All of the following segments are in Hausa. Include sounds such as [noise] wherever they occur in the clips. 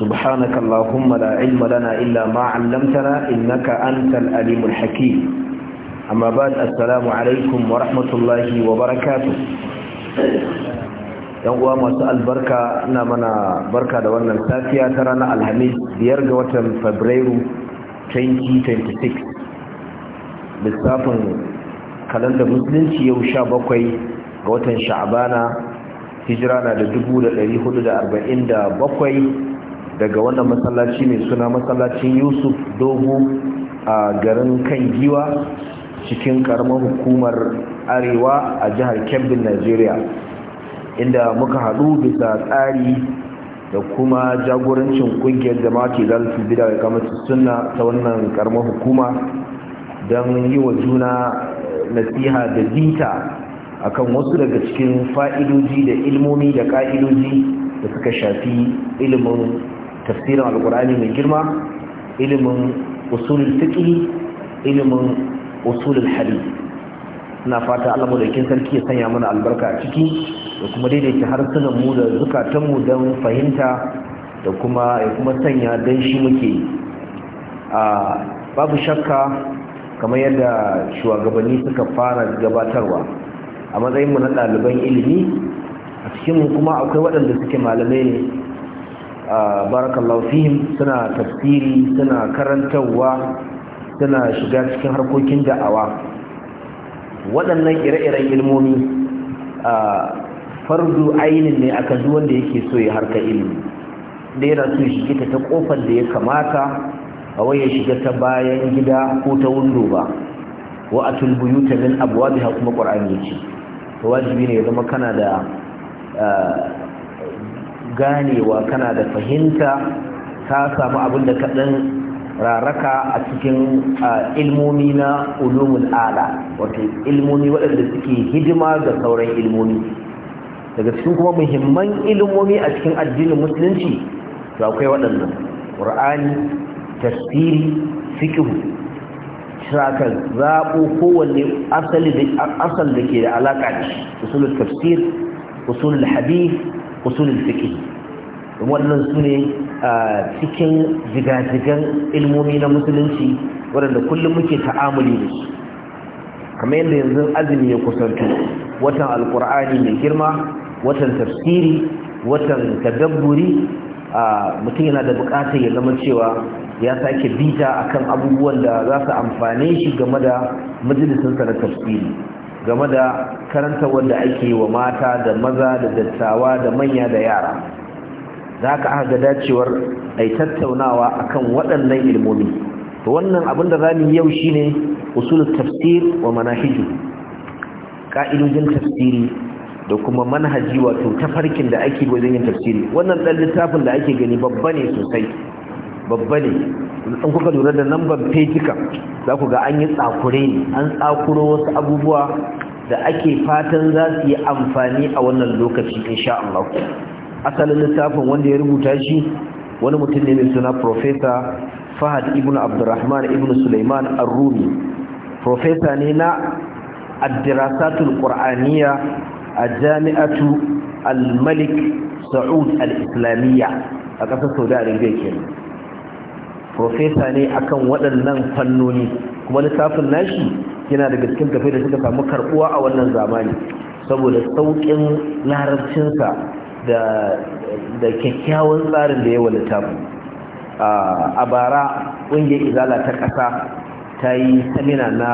سبحانك اللهم لا علم لنا إلا ما علمتنا إنك أنت الأليم الحكيم أما بعد السلام عليكم ورحمة الله وبركاته yan uwa masu albarka na mana barka da wannan safiya ta ranar alhamis biyar ga watan fabrairu 2026 lissafin kalandar musulunci yau sha bakwai ga watan sha'abana hijira na da bakwai. daga wannan masallaci mai suna masallacin yusuf dogo a garin kan giwa cikin karamar hukumar arewa a jihar kebbin nigeria inda muka haɗu bisa tsari da kuma jagorancin ƙungiyar jama'a ke zalfi bida da kamar suna ta wannan karamar hukuma don yi wa juna nasiha da bita akan wasu daga cikin fa'idoji da ilmomi da ƙa'idoji da suka shafi ilimin tafsirin alkur'ani mai girma ilimin usulul fiqh ilimin usulul hadith ina fata Allah madaukakin sarki ya sanya mana albarka a ciki da kuma daidaita harsunan mu da zukatan mu don fahimta da kuma ya kuma sanya dan shi muke a babu shakka kamar yadda shugabanni suka fara gabatarwa a matsayin mu na ɗaliban ilimi a cikin mu kuma akwai waɗanda suke malamai ne barakallahu fihim suna tafsiri suna karantarwa suna shiga cikin harkokin da'awa waɗannan ire-iren ilmomi fardu ainihin ne akan duk wanda yake so ya harka ilimi da yana so shiga, ta kofar da ya kamata a ya shiga ta bayan gida ko ta wundo ba wa tulbuyu buyuta min abuwa abwabiha kuma qur'ani ce. wajibi ne ya zama kana da ganewa kana da fahimta ka samu abin da kaɗan raraka a cikin ilmomi na ulumul ala wato ilmomi waɗanda suke hidima ga sauran ilmomi daga cikin kuma muhimman ilmomi a cikin addinin musulunci to akwai waɗannan ƙur'ani tasiri fikihu shiraka zaɓo kowanne asal da ke da alaƙa da shi usulul tafsir usulul hadith usulul fiqh wannan sune a cikin jigajigan ilmomi na musulunci waɗanda kullum muke ta'amuli da su kamar yadda yanzu azumi ya kusanto watan alkur'ani mai girma watan tafsiri watan tadabburi mutum yana da buƙatar ya zama cewa ya sake bita akan abubuwan da za su amfane shi game da majalisinsa na tafsiri game da karanta wanda ake wa mata da maza da dattawa da manya da yara za ka aka ga dacewar ai tattaunawa a kan waɗannan ilmomi to wannan abin da za zamu yau shi ne usulun tafsir wa manahiju ka'idojin tafsiri da kuma manhaji wato tafarkin da ake wajen yin tafsiri wannan ɗan littafin da ake gani babba ne sosai babba ne in kuka lura da lambar fejika za ku ga an yi tsakure ne an tsakuro wasu abubuwa da ake fatan za su yi amfani a wannan lokaci insha Allah asalin littafin wanda ya rubuta shi wani mutum ne mai suna profesa Fahad ibn Abdurrahman ibn Sulaiman Ar-Rumi profesa ne na addirasatul Qur'aniyya a Jami'atu Al-Malik Saud Al-Islamiyya a ƙasar Saudi Arabia kenan profesa ne akan waɗannan fannoni kuma littafin nashi yana daga cikin tafai da suka samu karɓuwa a wannan zamani saboda sauƙin larabcinsa da kyakkyawan tsarin da ya wani littafin a bara ƙungiyar izala ta ƙasa ta yi samina na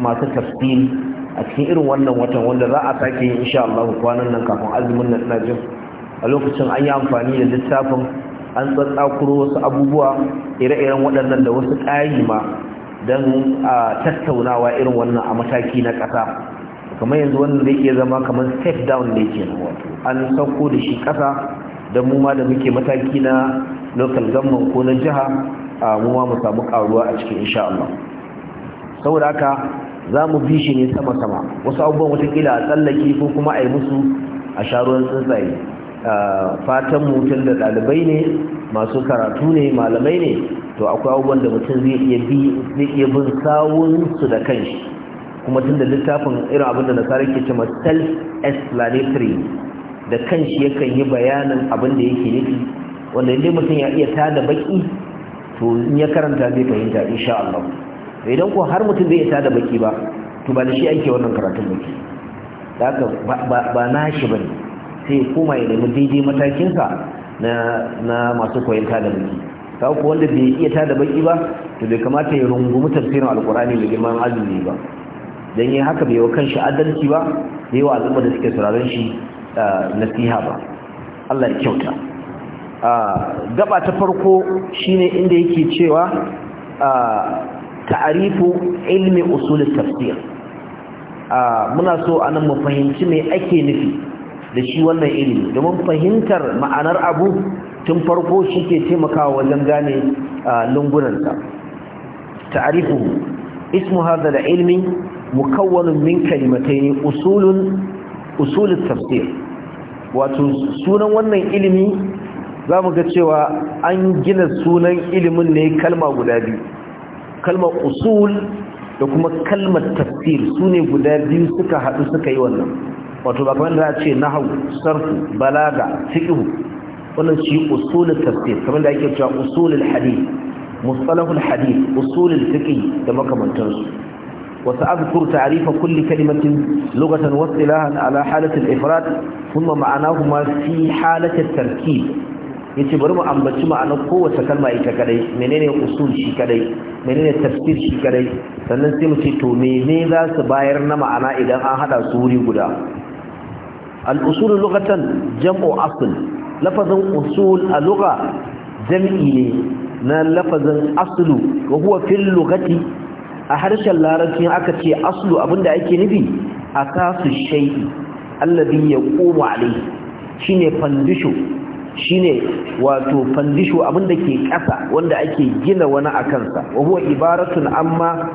masu tafsiri a cikin irin wannan watan wanda za a sake yi insha Allah kwanan nan kafin azumin nan a lokacin an yi amfani da littafin an tsatsakuro wasu abubuwa ire-iren waɗannan da wasu ƙayi ma don a tattaunawa irin wannan a mataki na ƙasa kamar yanzu wannan zai ke zama kamar step down ne ke wato an sauko da shi ƙasa don mu ma da muke mataki na local government ko na jiha a mu mu samu ƙaruwa a cikin insha Allah saboda haka za mu bi shi ne sama-sama wasu abubuwan watakila a tsallake ko kuma a yi musu a sharuwan tsuntsaye fatan mutum da ɗalibai ne masu karatu ne malamai ne to akwai abubuwan da mutum zai iya bi zai iya bin su da kanshi kuma tun da littafin irin abin da nasara ke cewa self explanatory da kanshi yakan yi bayanin abin da yake nufi wanda inda mutum ya iya tada baki to in ya karanta zai fahimta insha Allah idan ko har mutum zai iya tada baki ba to ba da shi ake wannan karatun baki da haka ba na shi bane sai ya koma ya nemi daidai matakinsa na masu koyon tada baki kawo ko wanda bai iya tada baki ba to bai kamata ya rungumi tafsirin alkurani da girman azumi ba don yin haka bai wa kanshi adalci ba da yawa al'umma da suke sauraron shi nasiha ba Allah ya kyauta gaba ta farko shine inda yake cewa ta'arifu ilmi usulul tafsir muna so anan mu fahimci me ake nufi da shi wannan ilimi domin fahimtar ma'anar abu tun farko shi ke taimakawa wajen gane lungunansa ta'arifu ismu hadha da ilmi mukawwanin min ne usulun tafsir wato sunan wannan ilimi za mu ga cewa an gina sunan ilimin ne kalma guda biyu kalma usul da kuma kalmar tafsir su ne guda biyu suka haɗu suka yi wannan wato ba kamar da a ce nahwu sarfu balaga fiqh wannan shi usulul tafsir kamar da ake cewa usulul hadith mustalahul hadith usulul fiqh da makamantansu وسأذكر تعريف كل كلمة لغة واصطلاحا على حالة الإفراد ثم معناهما في حالة التركيب yace bari mu ambaci ma'anar kowace kalma ita kadai menene usul shi kadai menene tafsir shi kadai sannan sai mu ce to mene za su bayar na ma'ana idan an hada su wuri guda al'usulu lokacin jam'u asl lafazin usul a lugha jam'i ne na lafazin aslu wa huwa fil a harshen larabci aka ce aslu abinda ake nufi akasu shay'i alladhi yaqumu alayhi shine fandisho ne wato fandisho abinda ke ƙasa wanda ake gina wani a kansa. wa huwa ibaratun amma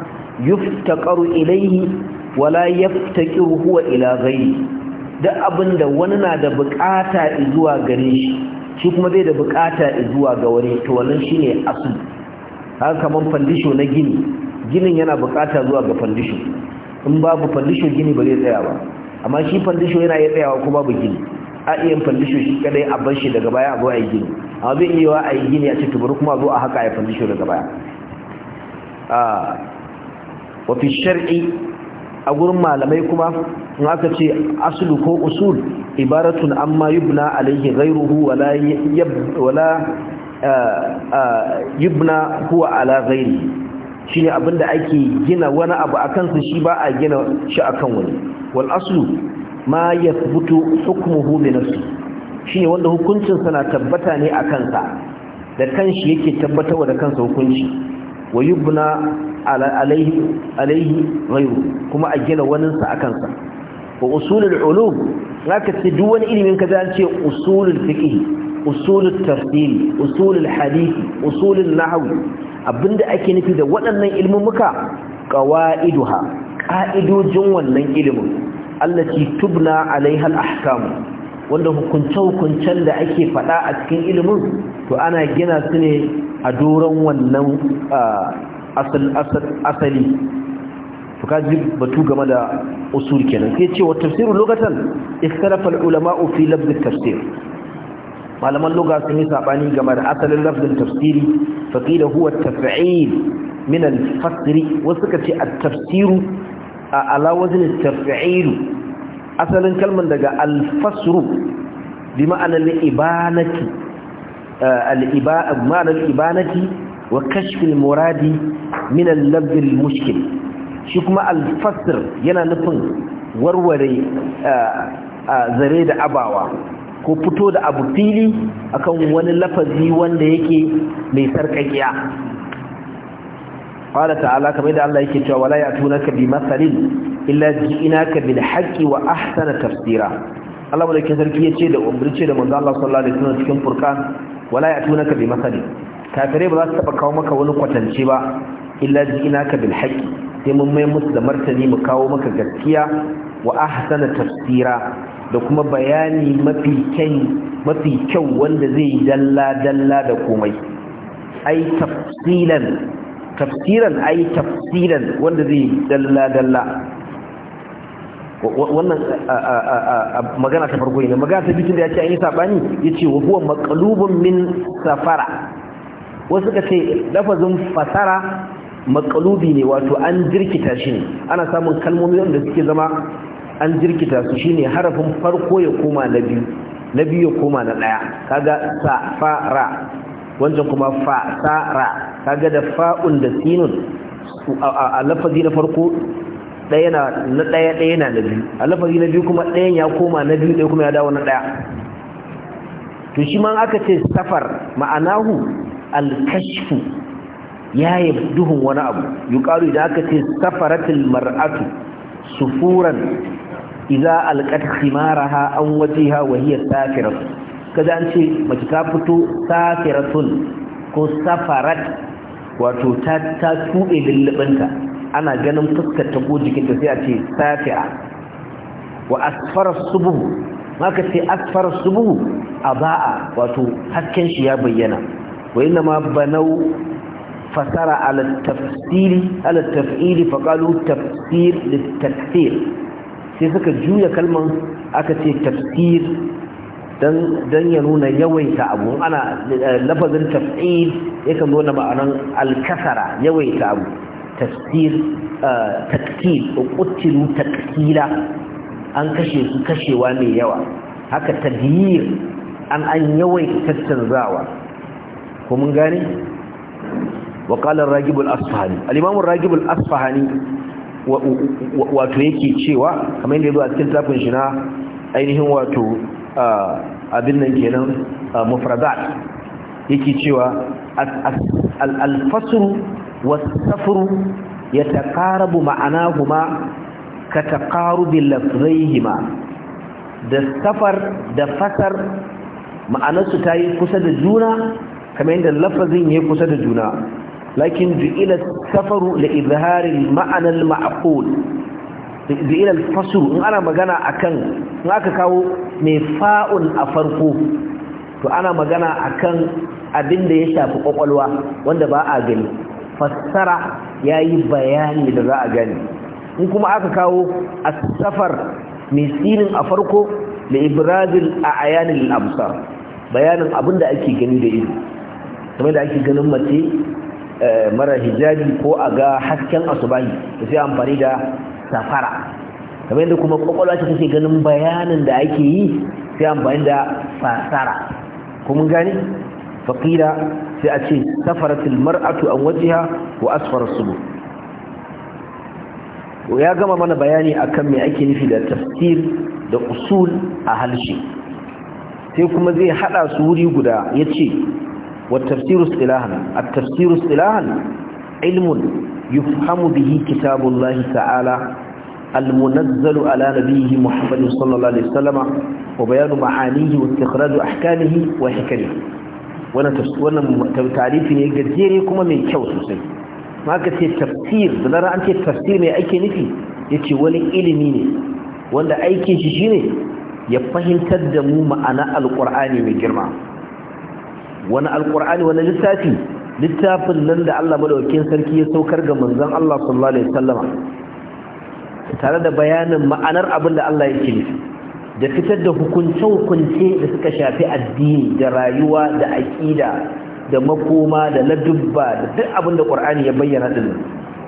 yuftaqaru ilayhi wala yaftaƙi huwa ila da abin da wani na da bukata zuwa gare shi shi kuma zai da bukata zuwa ga wani to wannan shine asu har kaman fandisho na gini ginin yana bukata zuwa ga fandisho in babu fandisho gini ba zai tsaya ba amma shi fandisho yana iya tsayawa ko babu gini a iya fandisho shi kadai a bar shi daga baya a zo a yi gini amma zai iya wa a yi gini a ce tubaru kuma zo a haka a yi fandisho daga baya a ah, wafi shar'i a gurin malamai kuma in aka ce aslu ko usul ibaratun amma yubna alaihi ghairuhu wala wala uh, uh, yubna huwa ala ghairi shine abinda ake gina wani abu akan su shi ba a gina shi akan wani wal asulu ma yathbutu hukmuhu bi nafsi shine wanda hukuncin sa na tabbata ne a kansa da kanshi yake tabbatarwa da kansa hukunci wa yubna alaihi alaihi ghairu kuma a gina waninsa a kansa. wa usulul ulum zaka ce duk wani ilimin ka zan ce usulul fiqh usulul tafsir usulul hadith usulul nahw abinda ake nufi da waɗannan ilmumuka qawaiduha ƙa'idojin wannan ilimin allati tubna alaiha al-ahkam wanda hukunce-hukuncen da ake faɗa a cikin ilimin to ana gina su ne a doron wannan ah, asali to ji batu game da usul kenan sai ce wa tafsiru lugatan ikhtalafa ulamau fi lafz tafsir malaman lugha sun yi sabani game da asalin lafzin tafsiri faqila huwa at-taf'il min al-fasr wa suka ce at-tafsiru ala wazn at-taf'il asalin kalman daga al-fasru bi ma'anar al-ibanati eh, al-ibana al-ibanati wa kashf al-muradi min al-lafz al-mushkil shi kuma alfasir yana nufin warware zare da abawa ko fito da abu fili akan wani lafazi wanda yake mai sarkakiya qala ta'ala kamar da Allah yake cewa wala yatunaka bi masalin illa ji'inaka bil haƙƙi wa ahsana tafsira Allah mulkin sarki ce da umarci da manzo Allah sallallahu alaihi wasallam cikin furqan wala ya yatunaka bi masalin kafirai ba za su taɓa kawo maka wani kwatance ba illa ji'inaka bil haƙƙi. sai mun mai musu da martani mu kawo maka gaskiya wa ahsana tafsira da kuma bayani mafi kyau mafi kyau wanda zai dalla dalla da komai ai tafsilan tafsiran ai tafsilan wanda zai dalla dalla wannan magana ta farko ne magana ta bitin da ya ce an yi saɓani ya ce wa huwa makalubun min safara wasu ka ce lafazin fasara makalubi ne wato an jirkita shi ne ana samun kalmomi wanda suke zama an jirkita su shine harafin farko ya koma na biyu na biyu ya koma na daya kaga sa fa ra wancan kuma fa sa ra kaga da fa'un da sinun a lafazi na farko daya na na daya daya na na biyu a lafazi na biyu kuma dayan ya koma na biyu daya kuma ya dawo na daya to shi ma aka ce safar ma'anahu al-kashfu yaye duhun wani abu yuqalu idan aka ce safaratil mar'atu sufuran iza alqat khimaraha aw wajhaha ya hiya safira kaza an ce mace ta fito safiratun ko safarat wato ta ta tube lullubinta ana ganin fuskar ta ko jikinta sai a ce safira wa asfara subuhu maka ce asfara subuhu ba'a wato hasken shi ya bayyana wa inna ma banau فسر على التفسير على التفعيل فقالوا تفسير للتكثير sai suka juya kalman aka ce tafsir don ya nuna yawaita abu ana lafazin tafsir ya nuna ma'anan alkasara yawaita abu tafsir taktil taktila an kashe su kashewa mai yawa haka tadhir an an yawaita tattanzawa ko mun gane wa qala ar-ragib al-asfahani al asfahani wato yake cewa kamar yadda a cikin tafin shi na ainihin wato abin nan kenan mufradat yake cewa al-fasru was-safru yataqarabu ma'anahuma ka taqarubi lafzaihima da safar da fasar ma'anarsu ta yi kusa da juna kamar yadda lafazin ya kusa da juna lakin ju'ila safaru da izharin ma'anar ma'akul ju'ila fasuru in ana magana akan in aka kawo mai fa'un a farko to ana magana akan abin da ya shafi kwakwalwa wanda ba a gani fassara ya yi bayani da za a gani in kuma aka kawo a safar mai tsinin a farko da ibrazil a ayanin al'amsar bayanin abinda ake gani da ido kamar da ake ganin mace Eh, mara hijabi ko a ga hasken asubahi da sai amfani da safara kamar yadda kuma kwakwalwa ta take ganin bayanin da ake yi sai amfani da fasara kuma gani Fakila sai a ce safaratul mar'atu an wajiha wa asfar subu ya gama mana bayani akan me ake nufi da tafsir da usul a halshe sai kuma zai hada su wuri guda yace والتفسير اصطلاحا التفسير اصطلاحا علم يفهم به كتاب الله تعالى المنزل على نبيه محمد صلى الله عليه وسلم وبيان معانيه واستخراج احكامه وحكمه wannan tarifi ne gajere kuma mai kyau sosai maka ce tafsir da zara an ce tafsir mai ake nufi ya ce wani ilimi ne wanda aikin shi shine ya fahimtar da mu ma'ana alƙur'ani mai girma wani alkur'ani wani littafi littafin nan da Allah madaukakin sarki ya saukar ga manzon Allah sallallahu alaihi wasallama tare da bayanin ma'anar abin da Allah yake nufi da fitar da hukunce-hukunce da suka shafi addini da rayuwa da aƙida da makoma da ladubba da duk abin da ya bayyana din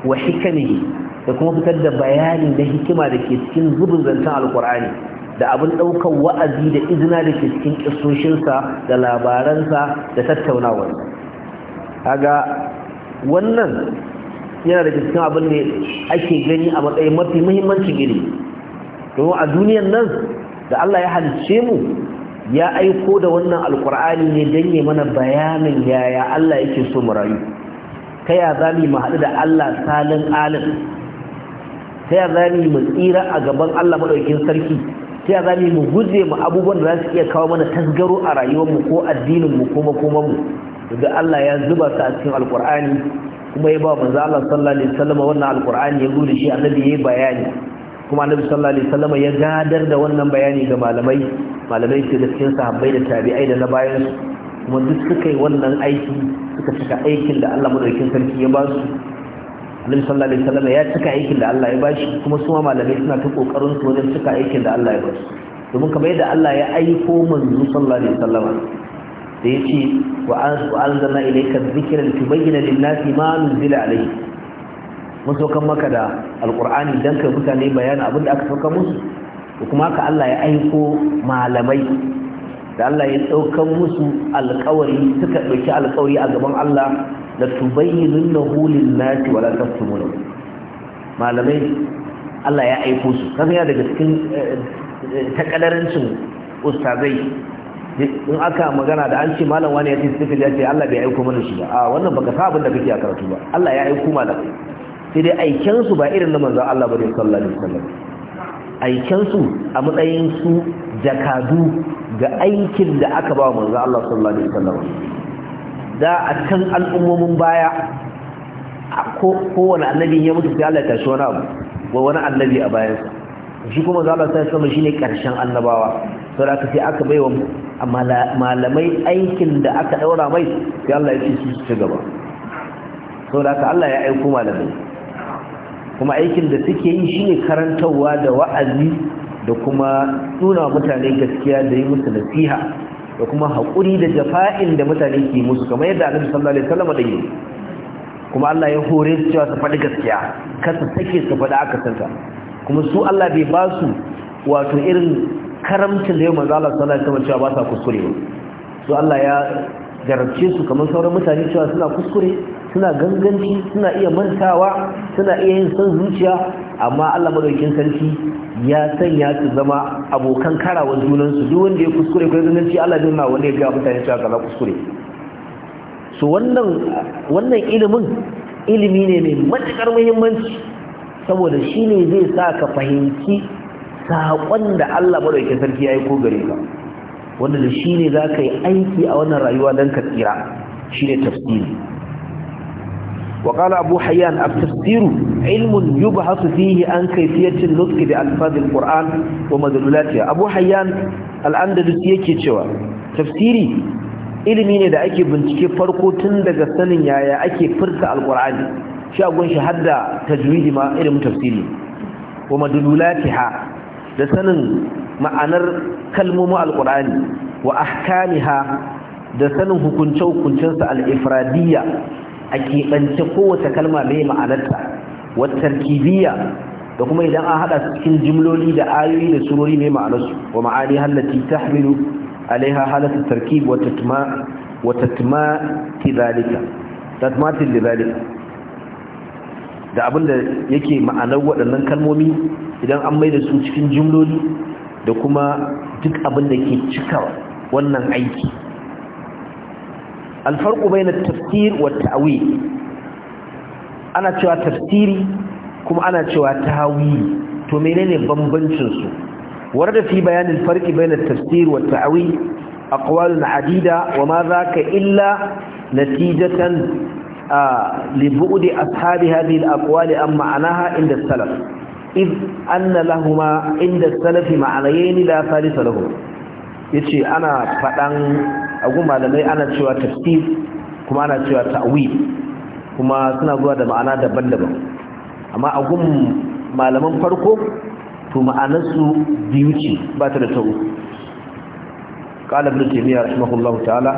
wa hikamihi da kuma fitar da bayani da hikima da ke cikin zubin zancen alkur'ani da abin ɗaukar wa'azi da izina da ke cikin ƙisoshinsa da labaransa da tattaunawar kaga wannan yana da cikin abin ne ake gani a matsayin mafi muhimmancin iri. domin a duniyan nan da Allah ya halice mu ya aiko da wannan alkur'ani ne don yi mana bayanin yaya Allah yake so mu rayu ta ya za mu haɗu da Allah salin alin ta ya za mu tsira a gaban Allah maɗaukin sarki sai a za mu guje mu abubuwan da za su iya kawo mana tasgaro a rayuwar mu ko addininmu ko makomanmu da Allah ya zuba su a cikin alkur'ani kuma ya ba manzo Allah sallallahu alaihi wasallam wannan alkur'ani ya gudu shi annabi yayi bayani kuma annabi sallallahu alaihi wasallam ya gadar da wannan bayani ga malamai malamai ke da cikin sahabbai da tabi'ai da na bayan kuma duk suka yi wannan aiki suka cika aikin da Allah madaukakin sarki ya ba su annabi sallallahu alaihi wasallam ya cika aikin da Allah ya bashi kuma su ma malamai suna ta kokarin su wajen cika aikin da Allah ya bashi domin kamar yadda Allah ya aiko manzo sallallahu alaihi wasallam da yace wa anzalna ilayka dhikra litubayyana lin-nasi ma nuzila alayhi mun saukan maka da alqur'ani dan kai mutane bayanin abin da aka sauka musu kuma ka Allah ya aiko malamai da Allah ya saukan musu alƙawari suka dauki alƙawari a gaban Allah la tubayyinunnahu lin-nasi wa la taktumunahu malamai Allah ya aiko su kan ya daga cikin takadarancin ustazai in aka magana da an ce malam wani ya ce sifil ya ce Allah bai aiko mana shi ba a wannan baka sa abin da kake a karatu ba Allah ya aiko malamai sai dai aiken su ba irin na manzon Allah bane sallallahu alaihi wasallam aiken su a matsayin su jakadu ga aikin da aka ba manzon Allah sallallahu alaihi wasallam da a kan al'ummomin baya kowane annabi ya mutu sai Allah ya tashi wani abu wa wani annabi a bayansa shi kuma za a sai sama shi ne karshen annabawa da aka sai aka baiwa malamai aikin da aka ɗaura mai sai Allah ya ce su ci gaba Sau da aka Allah ya aiko malamai kuma aikin da suke yi shi ne karantarwa da wa'azi da kuma nuna mutane gaskiya da yi musu nasiha da kuma haƙuri da jafa'in da mutane ke musu kamar yadda annabi sallallahu alaihi wasallam da yi kuma Allah ya hore su cewa su faɗi gaskiya kar su take su faɗi aka santa kuma su Allah bai ba su wato irin karamcin da yau manzo Allah sallallahu alaihi wasallam cewa ba sa kuskure su Allah ya jarabce su kamar sauran mutane cewa suna kuskure suna ganganci suna iya mantawa suna iya yin son zuciya amma Allah madaukin sarki ya sanya su zama abokan karawa junan su duk wanda ya kuskure ko ganganci Allah zai ma wanda ya ga mutane cewa kaza kuskure so wannan wannan ilimin ilimi ne mai matukar muhimmanci saboda shine zai sa ka fahimci saƙon da Allah madaukin sarki ya yi ko gare ka wanda da shine za ka yi aiki a wannan rayuwa dan ka tsira shine tafsiri وقال أبو حيان التفسير علم يبحث فيه عن كيفية النطق بألفاظ القرآن ومدلولاتها أبو حيان yake cewa tafsiri ilimi ne da ake bincike farko tun daga sanin yaya ake furta alkur'ani shi agun shi hadda tajwidi ma irin tafsiri wa madlulatiha da sanin ma'anar kalmomin alkur'ani wa ahkamiha da sanin hukunce hukuncensa al-ifradiyya a keɓance kowace kalma mai ma'anarta watarkibiyya da kuma idan an haɗa cikin jimloli da ayoyi da surori mai ma'anarsu wa ma'ani hallati tahmilu alaiha halatu tarkib wa tatma wa tatma tidalika tatma da abinda yake ma'anar waɗannan kalmomi idan an mai da su cikin jimloli da kuma duk abin da ke cika wannan aiki alfarqu bayna at-tafsir wa at ana cewa tafsiri kuma ana cewa tawili to menene bambancin su warda fi bayani alfarqi bayna at-tafsir wa at-ta'wil aqwal adida wa ma dhaka illa natijatan li bu'd ashabi hadhihi al-aqwal am ma'naha inda as-salaf iz anna lahumā inda as-salaf ma'nayn la thalith lahum yace ana faɗan. abu malamai ana cewa tafsir kuma ana cewa ta'wil kuma suna zuwa da ma'ana daban-daban amma abu malaman farko to ma'anarsu biyu ce ba ta da tauri kalabin jami'ar rahimahullah ta'ala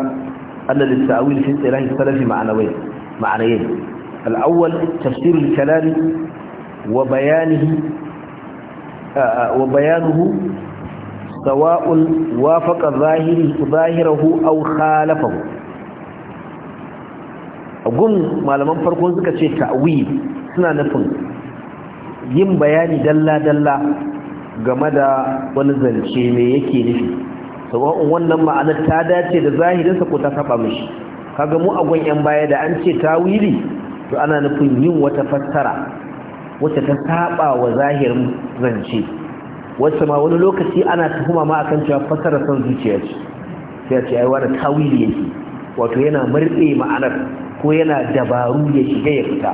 annal ta'wil fi tsirahi salafi ma'anawai ma'anayin al-awwal tafsirul kalam wa bayanihi wa bayanuhu sawaun wafaqa zahiri zahirahu aw khalafahu gun malaman farko suka ce ta'wil suna nufin yin bayani dalla dalla game da wani zance me yake nufi sawa'un wannan ma'anar ta dace da zahirinsa ko ta saba mishi kaga mu a yan baya da an ce tawili to ana nufin yin wata fassara wacce ta saba wa zahirin zance wasu ma wani lokaci ana tuhuma ma akan cewa fasara son zuciya ce sai a ce ai wani tawili yake wato yana murɗe ma'anar ko yana dabaru ya shiga ya fita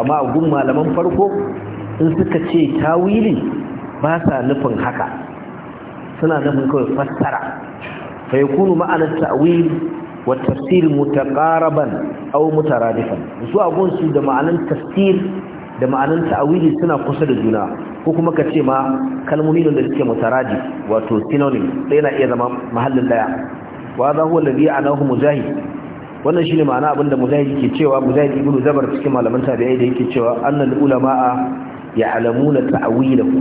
amma gun malaman farko in suka ce tawili ba sa nufin haka suna nufin kawai fassara fa yakunu ma'anar tawili wa tafsir mutaqaraban aw mutaradifan su a gun su da ma'anar tafsir da ma'anar ta'wili suna kusa da juna ko kuma ka ce ma kalmomi da suke mutaraji wato synonym sai na iya zama mahallin daya wa za huwa alladhi anahu mujahid wannan shine ma'ana abinda mujahid ke cewa mujahid ibnu zabar cikin malaman tabi'ai da yake cewa annal ulama'a ya'lamuna ta'wilahu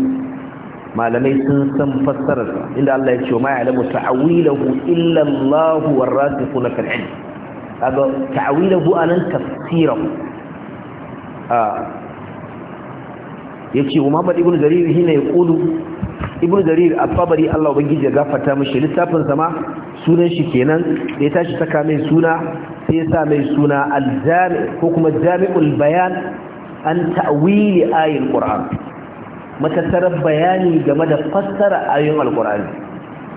malamai sun san fassarar inda Allah ya ce ma ya'lamu ta'wilahu illa Allah warasikhuna fil ilm kaga ta'wilahu anan tafsirahu ah, ya wa Muhammad ibn Jarir hina yaqulu ibn Jarir a fabari Allah ubangiji ya gafarta mishi littafin sama sunan shi kenan da ya tashi saka mai suna sai ya sa mai suna al ko kuma Jami'ul Bayan an ta'wili ayin Qur'an matattarar bayani game da fassara ayoyin alkur'ani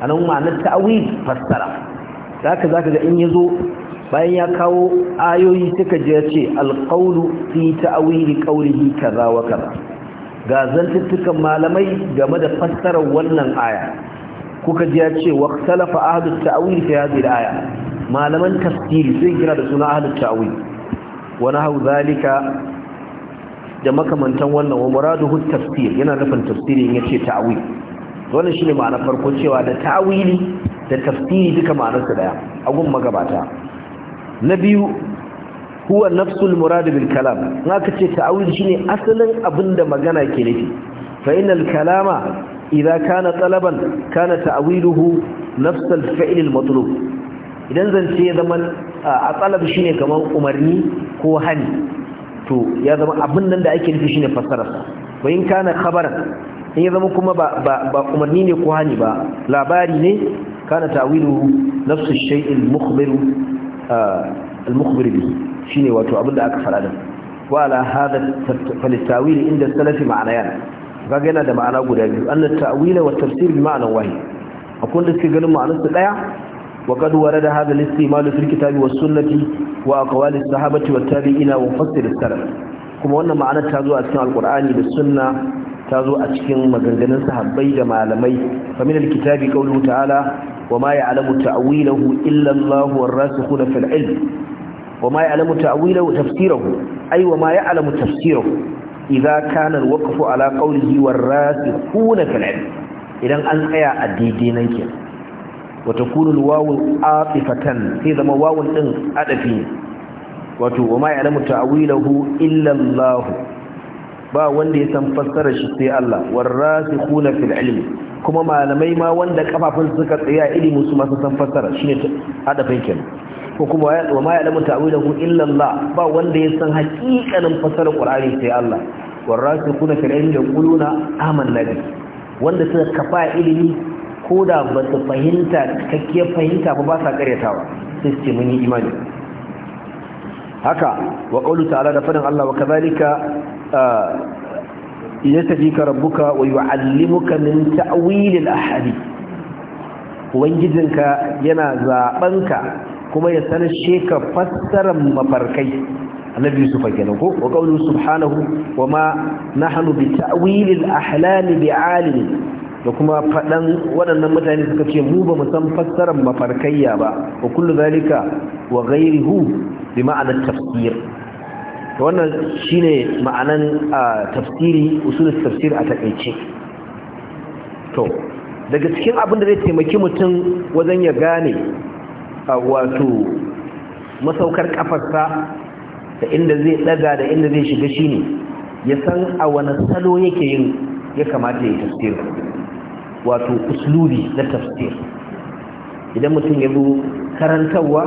anan ma'anar ta'wil fassara zaka zaka ga in ya zo bayan ya kawo ayoyi suka je ya ce alqawlu fi ta'wili qawlihi kaza wa kaza ga zantuttukan malamai game da fassarar wannan aya kuka ji ya ce wa salafa ahlut ta'wil fi hadhihi al-aya malaman tafsiri sun kira da suna ahlut ta'wil wa nahu zalika da makamantan wannan wa muraduhu tafsir yana nufin tafsiri in yace ta'wil wannan shine ma'anar farko cewa da ta'wili da tafsiri duka ma'anar su daya a gun magabata na biyu huwa nafsul murad bil kalam in aka ce ta'awil shine asalin abinda magana ke nufi fa innal kalama idza kana talaban kana ta'awiluhu nafs al fi'l al matlub idan zance ya zama a talab shine kaman umarni ko hani to ya zama abin nan da ake nufi shine fassararsa wa in kana khabaran in ya zama kuma ba ba umarni ne ko hani ba labari ne kana ta'awiluhu nafsu shay'il mukhbir al mukhbir bihi shine wato abin da aka fara da wa hada falistawil inda salafi ma'anayan kaga yana da ma'ana guda biyu annat ta'wila wa tafsir bi ma'anan wahid akwai da suke ganin ma'anar su daya وقد ورد هذا الاستعمال في الكتاب والسنة wa الصحابة والتابعين وفسر السلف Kuma wannan ma'anar ta zo a cikin alqur'ani da sunna ta zo a cikin maganganun sahabbai da malamai fa min alkitabi qawluhu ta'ala wa ma ya'lamu ta'wilahu illa Allah war rasikhuna fil ilm وما يعلم تأويله تفسيره أي وما يعلم تفسيره إذا كان الوقف على قوله والراسخون في العلم إذن أن أيا الديدينيك وتكون الواو عاطفة في ذا واو إن أدفين وما يعلم تأويله إلا الله ba wanda ya san fassara shi sai Allah warasikhuna fil ilmi kuma malamai ma wanda kafafun suka tsaya ilimi su ma su san fassara shine hadafin kenan ko kuma wa ma ya'lamu ta'wilahu illa Allah ba wanda ya san hakikanin fasarar Qur'ani sai Allah warasikuna fil ilmi na amanna Nabi, wanda suka kafa ilimi koda ba su fahimta cikakkiyar fahimta ba ba sa karyatawa sai su ce mun yi imani haka wa qawlu ta'ala da fadin Allah wa kadhalika yastajika rabbuka wa yu'allimuka min ta'wil al-ahadith ubangijinka yana ka. kuma ya sanar sheka fassarar mafarkai annabi yusuf kenan ko wa qawlu subhanahu wa ma nahnu bi ta'wil al ahlam bi alim da kuma fadan waɗannan mutane suka ce mu ba mu san fassarar mafarkaiya ba wa kullu zalika wa ghayrihu bi ma'ana tafsir wannan shine ma'anan tafsiri usul tafsir a takaice to daga cikin abin da zai taimaki mutum wajen ya gane wato masaukar kafarsa da inda zai daga da inda zai shiga shine ya san a wani salo yake yin ya kamata ya tafsir wato uslubi na tafsir idan mutum ya bu karantarwa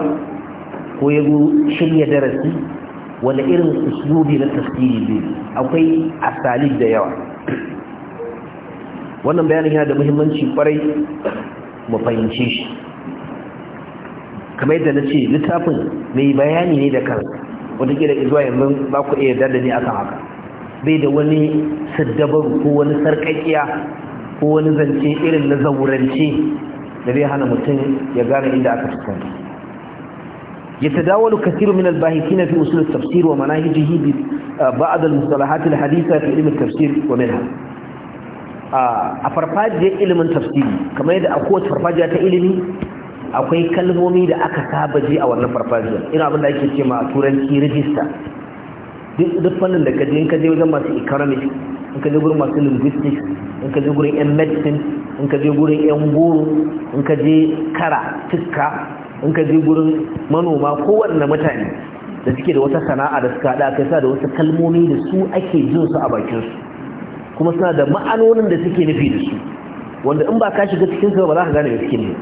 ko ya bu shirya darasi wani irin uslubi na tafsiri ne akwai asali da yawa wannan bayanin yana da muhimmanci kwarai mu fahimce shi kamar yadda na ce littafin mai bayani ne da kansa wataƙila zuwa yanzu ba ku iya yarda da ni akan haka bai da wani saddabar ko wani sarƙaƙiya ko wani zance irin na zaurance da zai hana mutum ya gane inda aka Ya ta dawo min fuskanta يتداول كثير من الباحثين في أصول التفسير ومناهجه بعض المصطلحات الحديثة في علم التفسير ومنها a farfajiyar ilimin tafsiri kamar yadda akwai farfajiya ta ilimi akwai kalmomi da aka saba ji a wannan farfajiyar ina abin da ake ce ma a turanci rijista duk fannin da kaje in kaje wajen masu economic in kaje gurin masu linguistics in kaje gurin yan medicine in kaje gurin yan goro in kaje kara tukka in kaje gurin manoma kowanne mutane da suke da wata sana'a da suka haɗa kai sa da wasu kalmomi da su ake jin su a bakin su kuma suna da ma'anonin da suke nufi da su wanda in ba ka shiga cikin su ba za ka gane suke nufi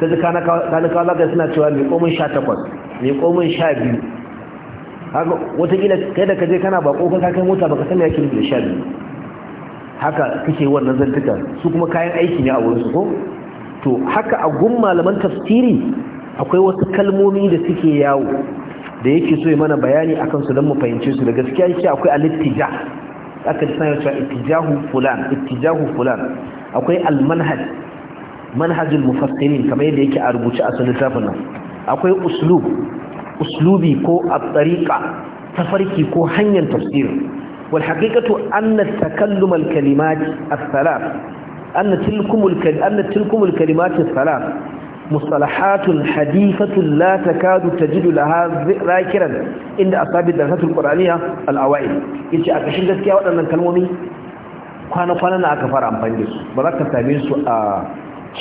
sai ji kawo zaga suna cewa mai komin sha takwas mai komin sha biyu haka watakila kai da kaje kana bako ka kai mota baka sani yakin da sha biyu haka kake wannan zantuka su kuma kayan aiki ne a wurinsu ko to haka a gun malaman tafsiri akwai wasu kalmomi da suke yawo da yake so ya mana bayani akan su don mu fahimce su da gaskiya yake akwai alittija aka ji cewa ittijahu fulan ittijahu fulan akwai almanhaj manhajul mufassirin kamar yadda yake a rubuce a sanin tafin nan akwai uslub uslubi ko at-tariqa tafarki ko hanyar tafsir wal haqiqatu anna takallum al-kalimat ath-thalath anna tilkum anna tilkum al-kalimat ath-thalath مصطلحات حديثة لا تكاد تجد لها ذاكرا عند أصحاب الدراسات القرآنية الأوائل يجي أكشن gaskiya waɗannan kalmomi kwana-kwana na aka fara amfani da su ba za ka same su a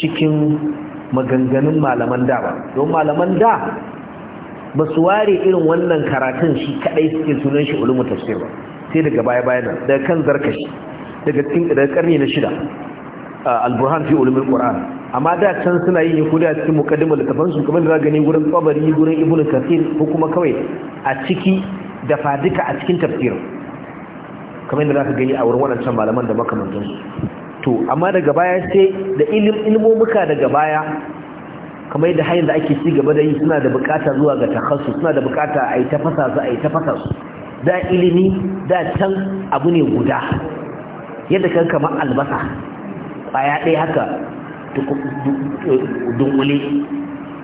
cikin maganganun malaman da ba don malaman da ba su ware irin wannan karatun shi kadai suke sunan shi ulumu tafsir ba sai daga baya baya nan daga kan zarkashi daga cikin daga karni na shida al-burhan fi ulumul qur'an amma da can suna yin ko da cikin muqaddimar littafin su kamar da za gani gurin tsabari gurin ibnu kathir ko kuma kawai a ciki da fadika a cikin tafsir kamar da za ka gani a wurin wannan malaman da makamantansu to amma daga baya sai da ilmomuka daga baya kamar da hanyar da ake ci gaba da yi suna da bukata zuwa ga takhassus suna da bukata a yi tafasa su a yi tafasa su da ilimi da can abu ne guda yadda kan kamar albasa kwaya ɗaya haka dunkule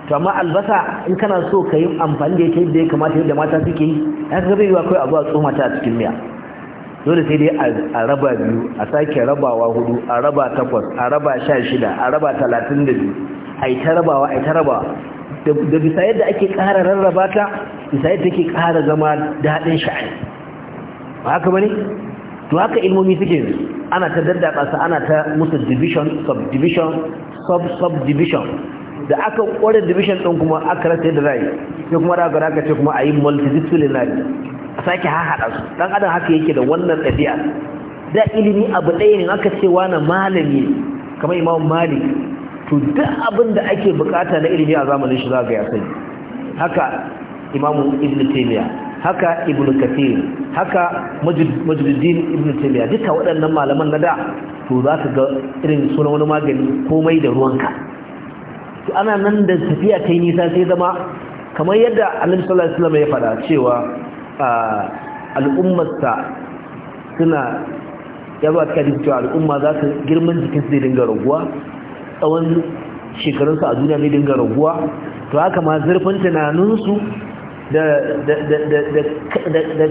to amma albasa in kana so ka yi amfani da yake da ya kamata yadda mata suke yi ya ka zai yi wa kawai abuwa a tsoma ta a cikin miya dole sai dai a raba biyu a sake rabawa hudu a raba takwas a raba sha shida a raba talatin da biyu a yi ta rabawa a yi ta rabawa da bisa yadda ake ƙara rarraba ta bisa yadda ake ƙara zama daɗin sha'ani ba haka ba ne to haka ilmomi suke ana ta daddaɗa su ana ta musu division subdivision sub-subdivision da aka ƙware division ɗin kuma aka rasa yadda za sai kuma da aka ce kuma a yi multidisciplinary sake hahaɗa su ɗan adam haka yake da wannan ɗabi'a da ilimi abu ɗaya ne aka ce wani malami kamar imam malik to duk abin da ake bukata na ilimi a zamanin shi za ga ya sani haka imam ibn taymiya haka ibn kathir haka majduddin ibn taymiya duka waɗannan malaman na da to za ka ga irin sunan wani magani komai da ruwanka to ana nan da tafiya ta yi nisa sai zama kamar yadda annabi sallallahu alaihi wasallam ya faɗa cewa al'ummarsa suna ya ba ta cewa al'umma za ta girman jikinsu zai dinga raguwa tsawon shekarunsu a duniya zai dinga raguwa to haka ma zurfin tunaninsu da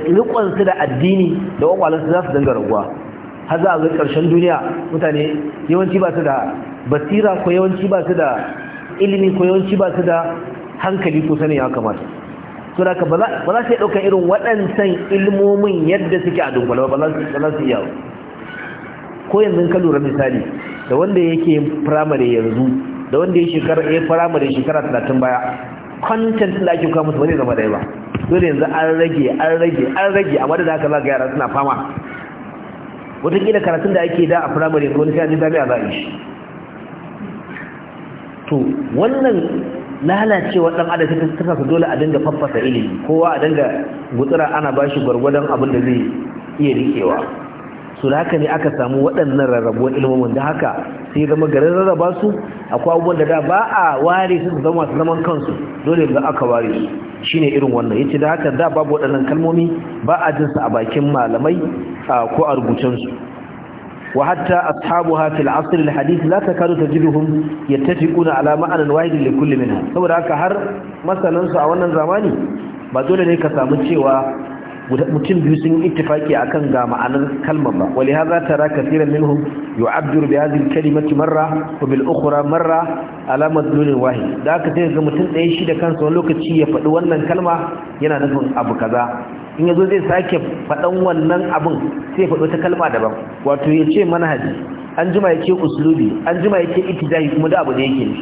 rikonsu da addini da kwakwalansu za su dinga raguwa har za a zai ƙarshen duniya mutane yawanci ba su da basira ko yawanci ba su da ilimi ko yawanci ba su da hankali ko sanin ya kamata so da ba za su ɗaukan irin waɗansan ilmomin yadda suke a dunkule ba za su iya ko yanzu ka lura misali da wanda yake firamare yanzu da wanda ya shekara ya firamare shekara talatin baya content da ake kawo musu ba zai zama ɗaya ba dole yanzu an rage an rage an rage amma da haka za ga yara suna fama wataƙila karatun da ake da a firamare ko wani sai an ji jami'a za a yi shi to wannan lalacewa dan adam sai ta saka dole a dinga faffasa ilimi kowa a dinga gutsura ana bashi gwargwadon abin da zai iya rikewa su da haka ne aka samu waɗannan rarrabuwar ilmomin da haka sai zama garin rarraba su akwai abubuwan da ba a ware su zama su zaman kansu dole da aka ware su shine irin wannan yace da haka da babu waɗannan kalmomi ba a jinsu a bakin malamai ko a rubutunsu وحتى أصحابها في العصر الحديث لا تكاد تجدهم يتفقون على معنى واحد لكل منها saboda haka har masanansu a wannan zamani ba dole ne ka samu cewa mutum biyu sun ittifaki akan ga ma'anar kalmar ba wali hadha tara kaseeran minhum yu'abbiru bi hadhihi al-kalimati marra wa bil ukhra marra ala madlunin wahid da haka sai ga mutum ɗaya shi da kansa wani lokaci ya faɗi wannan kalma yana nufin abu kaza in yazo zai sake faɗan wannan abin sai faɗo ta kalma daban wato ya ce Haji, an jima ya ce uslubi an jima ya ce itijahi kuma da abu da yake ne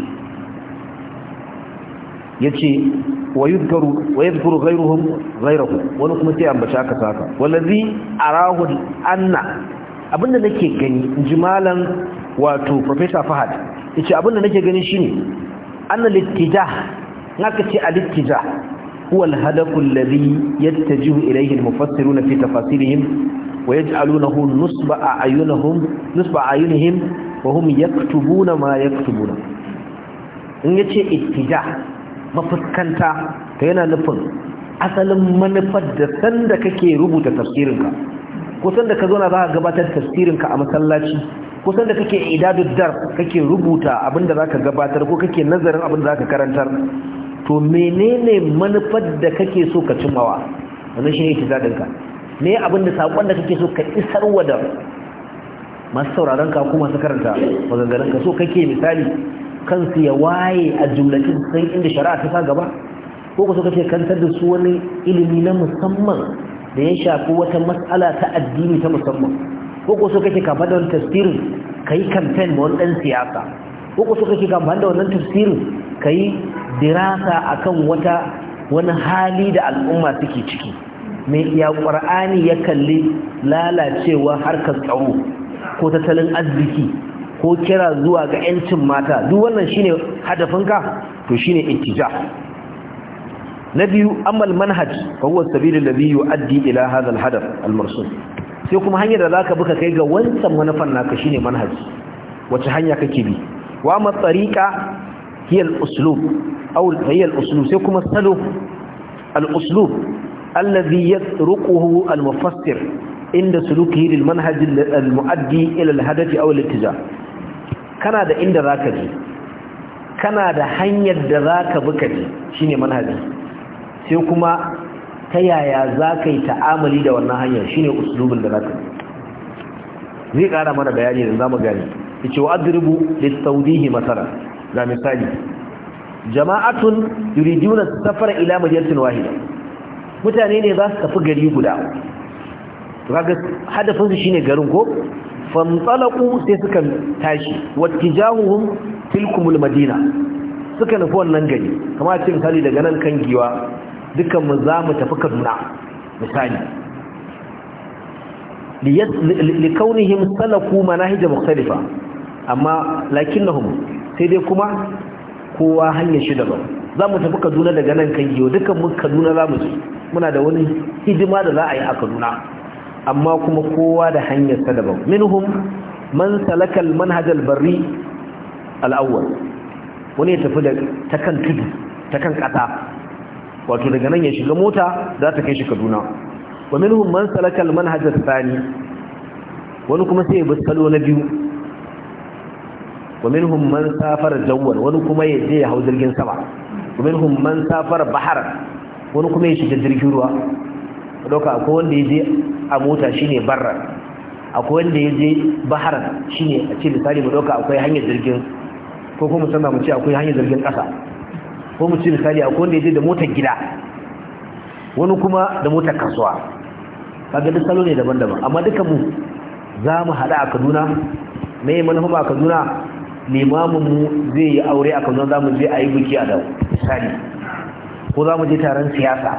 ya ce wa yadhkuru ghayruhum ghayrahu wani kuma sai ambaci aka saka wallazi arahu anna abinda nake gani jimalan wato professor Fahad yace abinda nake gani shine anna littijah naka ce alittijah هو الهدف الذي يتجه إليه المفسرون في تفاصيلهم ويجعلونه نصب أعينهم نصب أعينهم وهم يكتبون ما يكتبون إن يتشي اتجاه مفكنتا تينا نفن أصلا منفد سندك كي ربط تفسيرك kusan da ka zo na za ka gabatar tafsirinka a masallaci kusan da kake idadud dar kake rubuta abinda za ka gabatar ko kake nazarin abinda za ka karantar to menene manufar da kake so ka cimmawa wannan shine itizadinka me abin da sakon da kake so ka isar wa da masu sauraron ka kuma su karanta maganganun ka so kake misali kansu ya waye a jumlatin san inda shari'a ta sa gaba ko ku so kake kantar da su wani ilimi na musamman da ya shafi wata masala ta addini ta musamman ko ku so kake ka faɗa wani tasirin ka yi kamfen ma wani ɗan siyasa uku suka kika amfani da wannan tafsirin ka yi dirasa akan wata wani hali da al'umma suke ciki mai ya ƙwar'ani ya kalli lalacewa harkar tsaro ko tattalin arziki ko kira zuwa ga 'yancin mata duk wannan shi ne hadafinka to shi ne ikija na biyu amal manhaj kawuwar huwa da biyu addi ila hadaf sai kuma hanyar da za ka buka kai ga wancan manufan naka ne manhaj wace hanya kake bi wa ma tariqa hiya uslub aw hiya uslub sai kuma salo al-uslub alladhi yatruquhu al-mufassir inda sulukihi lil manhajin al-muaddi ila al-hadafi aw al-ittija kana da inda ka ji, kana da hanyar da zaka bi ka je shine manhajin sai kuma ta yaya zaka yi ta'amali da wannan hanyar Shi ne uslubin da za ka ji, zai ƙara mana bayani da za mu gani yace wa adribu lisawdihi masalan ga misali jama'atun yuriduna safara ila majalisin wahida mutane ne za su tafi gari guda kaga hadafin su shine garin ko famtalaqu sai suka tashi wattijahuhum tilkumul madina suka nufi wannan gari kamar ce misali daga nan kan giwa dukkan mu za mu tafi Kaduna misali li kaunihim salaku manahij mukhtalifa amma lakinnahum sai dai kuma kowa hanyar shi daban za mu tafi kaduna daga nan kan yiwu dukkan mu kaduna za mu ji muna da wani hidima da za a yi a kaduna amma kuma kowa da hanyar sa daban minhum man salaka al-manhaj al wani ya tafi da ta kan tudu ta kan kasa wato daga nan ya shiga mota za ta kai shi kaduna wa minhum man salaka al-manhaj wani kuma sai ya bi salo na biyu wa minhum man safara jawwan wani kuma ya je ya hau jirgin sama wa minhum man safara bahar wani kuma ya shiga jirgin ruwa doka akwai wanda ya je a mota shine barra akwai wanda ya je bahar shine a ce misali mu doka akwai hanyar jirgin ko kuma sanna mu ce akwai hanyar jirgin kasa ko mu ce misali akwai wanda ya je da motar gida wani kuma da motar kasuwa kaga salo ne daban-daban amma dukan mu za mu hada a Kaduna me manufa a Kaduna limamin mu zai yi aure a kanzan zamu je ayi biki a dawo misali ko zamu je taron siyasa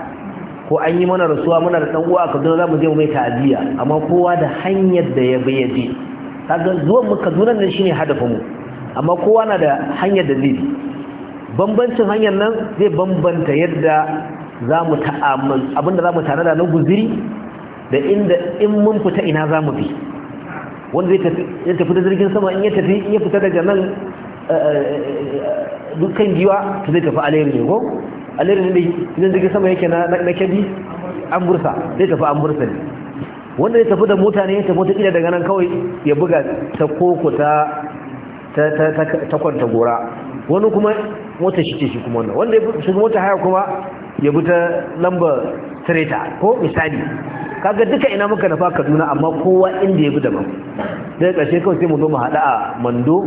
ko an yi mana rasuwa muna da dan uwa a Kaduna zamu je mu mai ta'aziya amma kowa da hanyar da ya bayyaje kaga zuwan mu Kaduna nan shine hadafin mu amma kowa na da hanyar da zai bambancin hanyar nan zai bambanta yadda za mu abinda za mu tare da na guziri da inda in mun fita ina zamu bi wanda ya tafi da jirgin sama in ya tafi in ya fita daga nan eh, eh, eh, dukkan giwa ta zai tafi alayar ne ko alayar ne da jirgin sama yake na kyabi an bursa zai tafi an bursa ne wanda ya tafi da mutane ya tafi wata daga nan kawai ya buga ta koko ta kwanta gora wani kuma mota shi ce shi kuma wanda ya fi mota haya kuma ya bi ta lamba ta ko misali kaga duka ina muka nafa kaduna amma kowa inda ya bi daban daga ƙarshe kawai sai mu zo mu haɗa a mando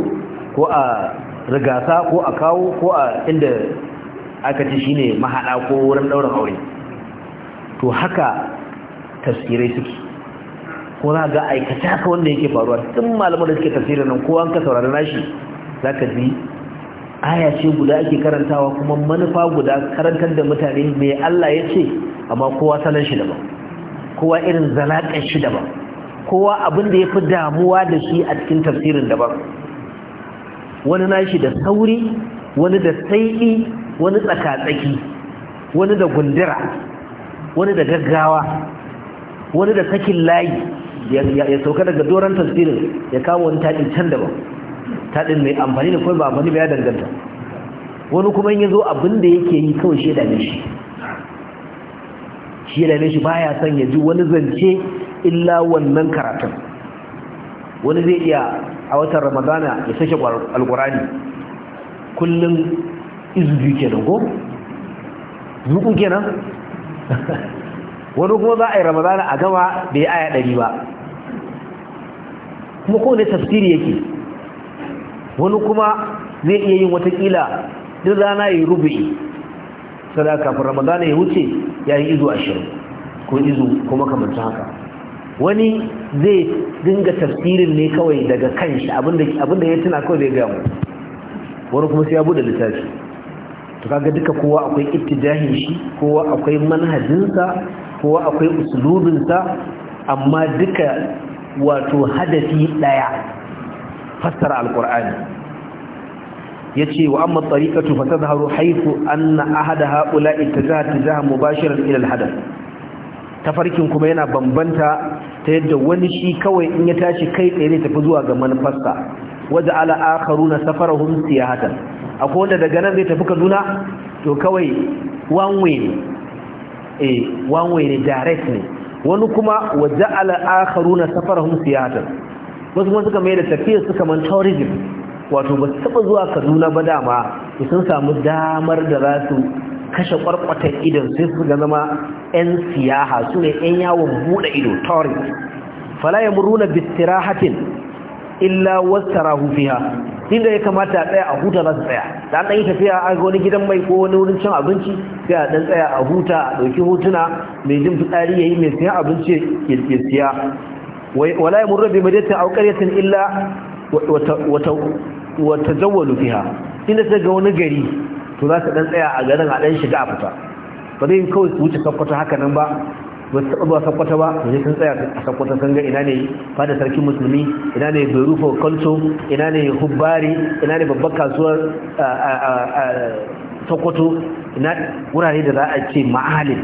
ko a rigasa ko a kawo ko a inda aka ci shine mahaɗa ko wurin ɗaurin aure to haka tafsirai suke ko za ga aikata ka wanda yake faruwa tun malamar da suke tafsirin nan kowa an ka saurari nashi za ka ji aya ce guda ake karantawa kuma manufa guda karantar da mutane mai Allah ya ce amma kowa salon shi daban kowa irin zalaƙar shi daban kowa abin da ya fi damuwa da shi a cikin tafsirin daban wani nashi da sauri wani da sai'i wani tsakatsaki wani da gundura wani da gaggawa wani da sakin layi ya sauka daga doron tafsirin ya kawo wani taɗi can daban taɗin mai amfani da kuma ba amfani ba ya danganta wani kuma yin ya zo abin da yake yi kawai shi ya dame shi shi ya dame shi ya son ya ji wani zance illa wannan karatun wani zai iya a watan ramadana ya sashe alkurani kullum izubi kenan ko zuku kenan [laughs] wani kuma za a yi ramadana a gama da ya aya ɗari ba kuma kowane tafsiri yake wani kuma zai iya yin watakila duk rana ya rubi sada kafin ramadana ya wuce ya yi izu ashirin ko izu kuma kamar haka wani zai dinga tafsirin ne kawai daga kanshi abinda ya tuna kawai zai gamu wani kuma sai ya buɗe littafi to kaga duka kowa akwai ittijahin shi kowa akwai manhajinsa kowa akwai usulubinsa amma duka wato hadafi ɗaya. fassara alqur'ani yace wa amma tariqatu fatadharu haythu anna ahada ha'ula'i tajaha tajaha mubashiran ila alhadath tafarkin kuma yana bambanta ta yadda wani shi kawai in ya tashi kai tsaye ne tafi zuwa ga manufarsa waja ala akharuna safarahum siyahatan akwai wanda daga nan zai tafi Kaduna to kawai one way ne eh one way ne direct ne wani kuma waja ala akharuna safarahum siyahatan wasu kuma suka mai da tafiya su kamar tourism wato ba su taba zuwa kaduna ba dama su sun samu damar da za su kashe kwarkwata idan sai su ga zama 'yan siyaha su ne 'yan yawon buɗe ido tourist fala ya muruna bistirahatin illa wastarahu fiha inda ya kamata a tsaya a huta za su tsaya da an yi tafiya a ga wani gidan mai ko wani wurin cin abinci sai a ɗan tsaya a huta a ɗauki hotuna mai jin fitsari ya yi mai siya abinci ya siya ولا يمر بمدينة أو قرية إلا وتزول فيها إن تجون جري تناس أن أيا أجدان على إيش جابتا فدين كوي وجه سقطة هكذا نبا ba sakwata ba da sun tsaya a sakwata sun ga ina ne fada sarki musulmi ina ne berufo kalso ina ne hubbari ina ne babbar kasuwar sakwato ina wuraren da za a ce ma'alin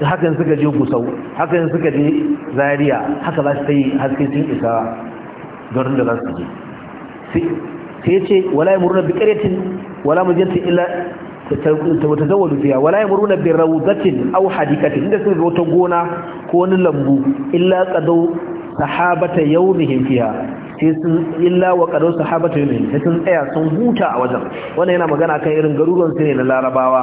da yanzu suka je gusau hakan suka je Zariya haka za su yi haske sun isa garin da za su je sai ce wala ya muruna biƙaretin wala mujantin illa ta zawalu fiya wala ya muruna bi rawdatin aw hadikatin inda suka wata gona ko wani lambu illa qadau sahabata yawmihim fiha sai sun illa wa qadaw sahabatu yi sai sun tsaya sun huta a wajen wannan yana magana kan irin garuruwan ne na larabawa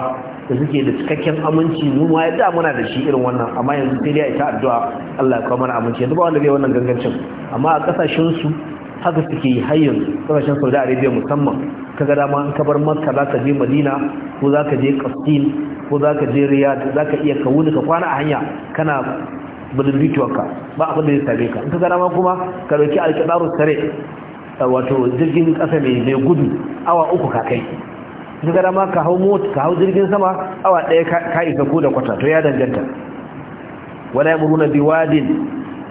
da suke da cikakken aminci mu ma yadda muna da shi irin wannan amma yanzu sai dai ita addu'a Allah ya kawo mana aminci yanzu ba wanda bai wannan gangancin amma a kasashen su haka suke yi har yanzu kasashen Saudi Arabia musamman kaga dama in ka bar za ka je Madina ko zaka je Qasim ko zaka je Riyadh zaka iya ka wuni ka kwana a hanya kana rikiyarka ba a da ya same ka in ka ma kuma ka dauki alkidaru sare wato jirgin kasa mai gudu awa uku ka kai in ka ma ka hau jirgin sama awa ɗaya ka isa ko da kwata to ya danganta wala yamuruna biwadin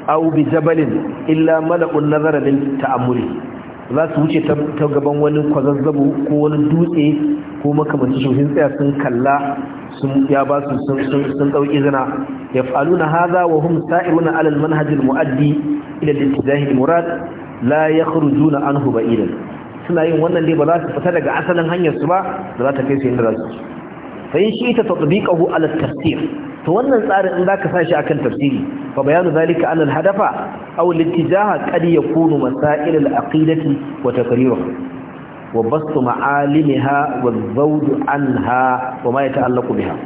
au bi jabalin illa mala'un nazara lil ta'ammuli za su wuce ta gaban wani kwazazzabu ko wani dutse ko makamanci shofin tsaya sun kalla sun ya ba su sun ɗauki zina ya falu na haza wa hum na alal manhajil mu'addi ila littijahi murad la ya anhu ba suna yin wannan dai ba za su fita daga asalin hanyar su ba da za ta kai su inda za su فإن شئت تطبيقه على التفسير فوانا نصار إن ذاك ساشي أكن تفسيري فبيان ذلك أن الهدف أو الاتجاه قد يكون مسائل العقيدة وتقريرها وبسط معالمها والذود عنها وما يتعلق بها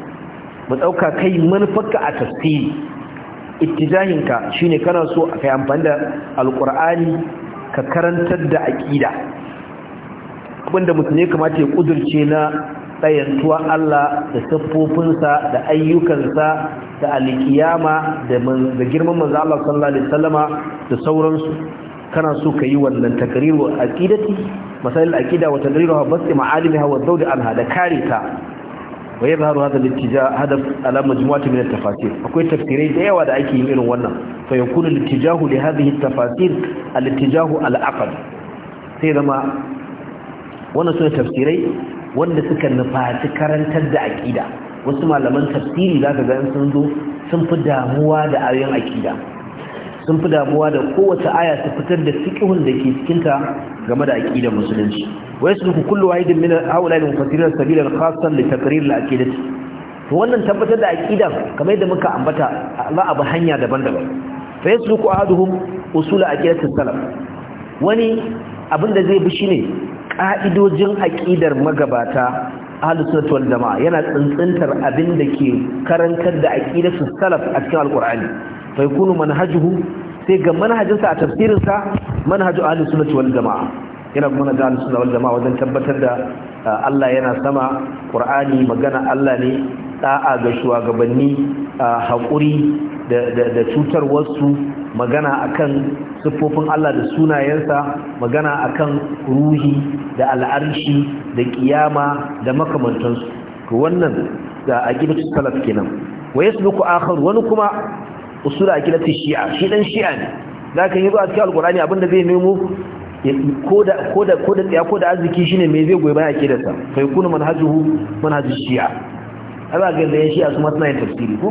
متأوكا كي منفك التفسير اتجاهك شيني كان سوء في أمبان القرآن ككرن تد أكيدا abinda mutum ya kamata ya kudurce na tsayantuwa Allah da siffofinsa da ayyukansa da alkiyama da girman manzo Allah sallallahu alaihi wasallama da sauransu kana so ka yi wannan takriru aqidati wata aqida wa tadriruha bas ma'alimaha wa dawd anha da kare ta wa yadhharu hadha al-ittija hadaf ala majmu'ati min at-tafasir akwai tafsirai da yawa da ake yin irin wannan fa yakunu al-ittijahu li hadhihi at-tafasir al-ittijahu al-aqd sai zama wannan sune tafsirai wanda suka nufaci karantar da aƙida wasu malaman tafsiri za ka ga sun zo sun fi damuwa da ayoyin aƙida sun fi damuwa da kowace aya su fitar da sikihun da ke cikinta game da aqidar musulunci wa ku kullu wahidin min haula al-mufassirin sabilan khassan li taqrir al-aqidah to wannan tabbatar da aqidar kamar yadda muka ambata za a bi hanya daban-daban fa yasluku ahaduhum usul aqidat salaf wani Abin da zai bi shine ƙa'idojin aqidar magabata ahlus sunnah wal jamaa yana tsintsintar abinda ke karantar da aqidatus salaf a cikin alqur'ani fa yakunu manhajuhu sai ga manhajinsa a tafsirinsa manhaju ahlus sunnah wal jamaa yana kuma ga ahlus sunnah wal jamaa wajen tabbatar da uh, Allah yana sama ƙur'ani magana Allah ne da'a ga shugabanni uh, haƙuri, da da cutar wasu magana akan siffofin Allah da sunayensa magana akan ruhi da al'arshi da kiyama da makamantansu to wannan da aqidat salaf kenan wa yasluku akhar wani kuma usul aqidat shi'a shi dan shi'a ne zaka yi zuwa cikin alqur'ani abinda zai nemo koda koda koda tsaya koda arziki shine me zai goyi baya aqidarsa fa yakunu manhajuhu manhaj shi'a ala ga da shi'a su ma suna yin tafsiri ko